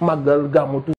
màggal gàmmu